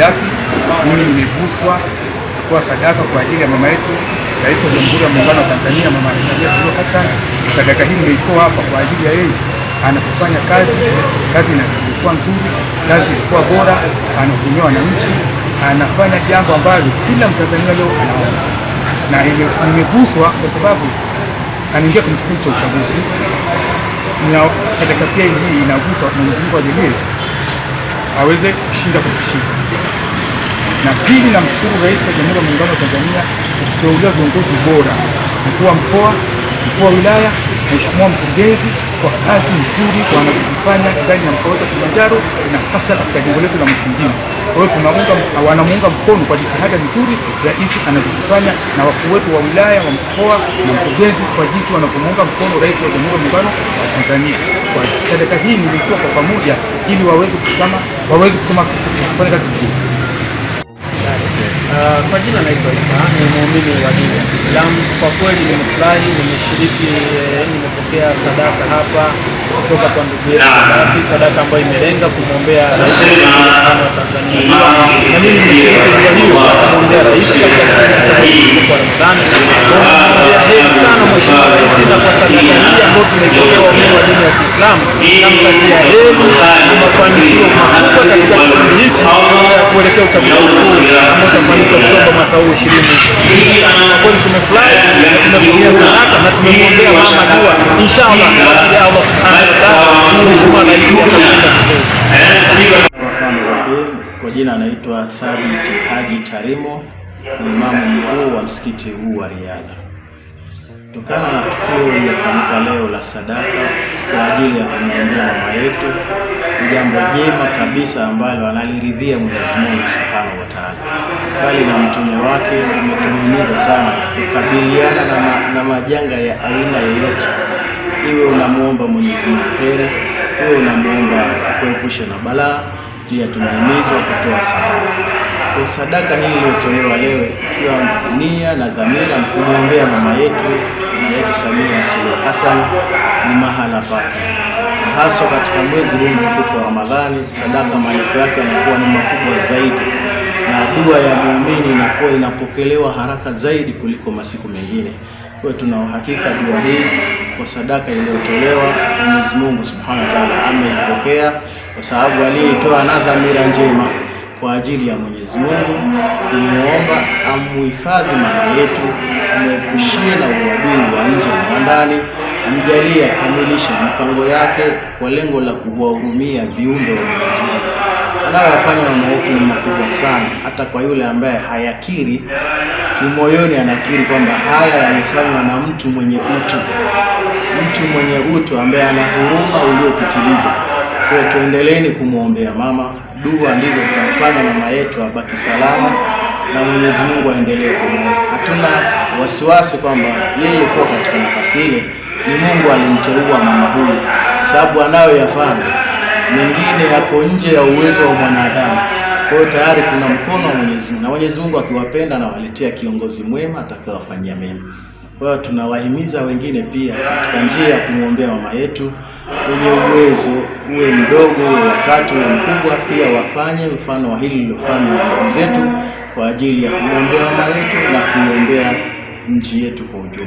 sadaka. Mimi nimeguswa kutoa sadaka kwa ajili ya mama yetu Rais wa Jamhuri ya Muungano wa Tanzania, Mama Samia Suluhu Hassan. Sadaka hii nimeitoa hapa kwa ajili ya yeye anapofanya kazi, kazi ilikuwa nzuri, kazi ilikuwa bora, anahudumia wananchi, anafanya jambo ambalo kila Mtanzania leo anaona, na nimeguswa kwa sababu anaingia kwenye kipindi cha uchaguzi na sadaka pia hii inagusa Mwenyezi Mungu ajalie aweze kushinda kwa kishindo. Na pili, namshukuru Rais wa Jamhuri ya Muungano wa Tanzania kuteuliwa viongozi bora, mkuu wa mkoa, mkuu wa wilaya, Mheshimiwa mkurugenzi kwa kazi nzuri wanazozifanya ndani ya mkoa wetu wa Kilimanjaro na hasa katika jengo letu la Mufindini. Kwa hiyo tunaunga wanamuunga mkono kwa jitihada nzuri rais anazozifanya na wakuu wetu wa wilaya wa mkoa na mkurugenzi kwa jinsi wanavyomuunga mkono rais wa Jamhuri ya Muungano wa Tanzania. Kwa sadaka hii nilitoa kwa pamoja ili waweze kusema waweze kusema kufanya kazi vizuri. Uh, kwa jina naitwa Isa, ni muumini wa dini ya Kiislamu. Kwa kweli nimefurahi, nimeshiriki, eh, nimepokea sadaka hapa kutoka kwa ndugu yetu sadaka ambayo imelenga kumwombea rais wa Tanzania, na mimi nimeshiriki kwa kumwombea rais kwa Ramadhani. Naombea heri sana mheshimiwa rais, na kwa sadaka hii ambayo tumeitoa waumini wa dini ya Kiislamu, namtakia heri na mafanikio makubwa katika kipindi hichi kuelekea uchaguzi utafanyika Oktoba mwaka huu ishirini. Kwa kweli tumefurahi, tumepokea sadaka na tumemwombea mama dua, inshallah kwa ya Allah subhanahu wa taala, Mheshimiwa Rais atakwenda vizuri. Kwa jina anaitwa Thabit Haji Tarimo, ni imamu mkuu wa msikiti huu wa Riyadha. Kutokana na tukio lililofanyika leo la sadaka kwa ajili ya kumwombea mama yetu ni jambo jema kabisa ambalo analiridhia Mwenyezi Mungu Subhanahu wa Ta'ala, bali na mtume wake umetuhimiza sana kukabiliana na, ma, na majanga ya aina yoyote, iwe unamwomba Mwenyezi Mungu heri, iwe unamwomba akuepushe na balaa. Pia tumehimizwa kutoa sadaka. Kwa sadaka hii iliyotolewa leo ikiwa nia na dhamira kumwombea mama yetu mama yetu Samia Suluhu Hassan ni mahala pake haswa katika mwezi huu mtukufu wa Ramadhani, sadaka malipo yake yanakuwa ni makubwa zaidi, na dua ya muumini inakuwa inapokelewa haraka zaidi kuliko masiku mengine. Kwa hiyo tuna uhakika dua hii kwa sadaka iliyotolewa, Mwenyezi Mungu Subhanahu wa Ta'ala ameipokea, kwa sababu aliyeitoa na dhamira njema kwa ajili ya Mwenyezi Mungu kumwomba amuhifadhi mama yetu, amwepushie na uadui wa nje na ndani mjalie akamilishe mipango yake kwa lengo la kuwahurumia viumbe wa Mwenyezi Mungu. Anayoyafanya mama yetu ni makubwa sana, hata kwa yule ambaye hayakiri kimoyoni, anakiri kwamba haya yamefanywa na mtu mwenye utu, mtu mwenye utu ambaye ana huruma uliopitiliza. Kwa tuendeleeni kumwombea mama, dua ndizo zitamfanya mama yetu abaki salama na Mwenyezi Mungu aendelee kumweka. Hatuna wasiwasi kwamba yeye kuwa katika nafasi ile ni Mungu alimteua mama huyu, sababu anayoyafanya mengine yako nje ya uwezo wa mwanadamu. Kwa hiyo tayari kuna mkono wa Mwenyezi Mungu, na Mwenyezi Mungu akiwapenda anawaletea kiongozi mwema atakayowafanyia mema. Kwa hiyo tunawahimiza wengine pia katika njia ya kumwombea mama yetu wenye uwezo, uwe mdogo uwe wakati uwe mkubwa, pia wafanye mfano wa hili lilofanywa na ndugu zetu kwa ajili ya kumwombea mama yetu na kuiombea nchi yetu kwa ujumla.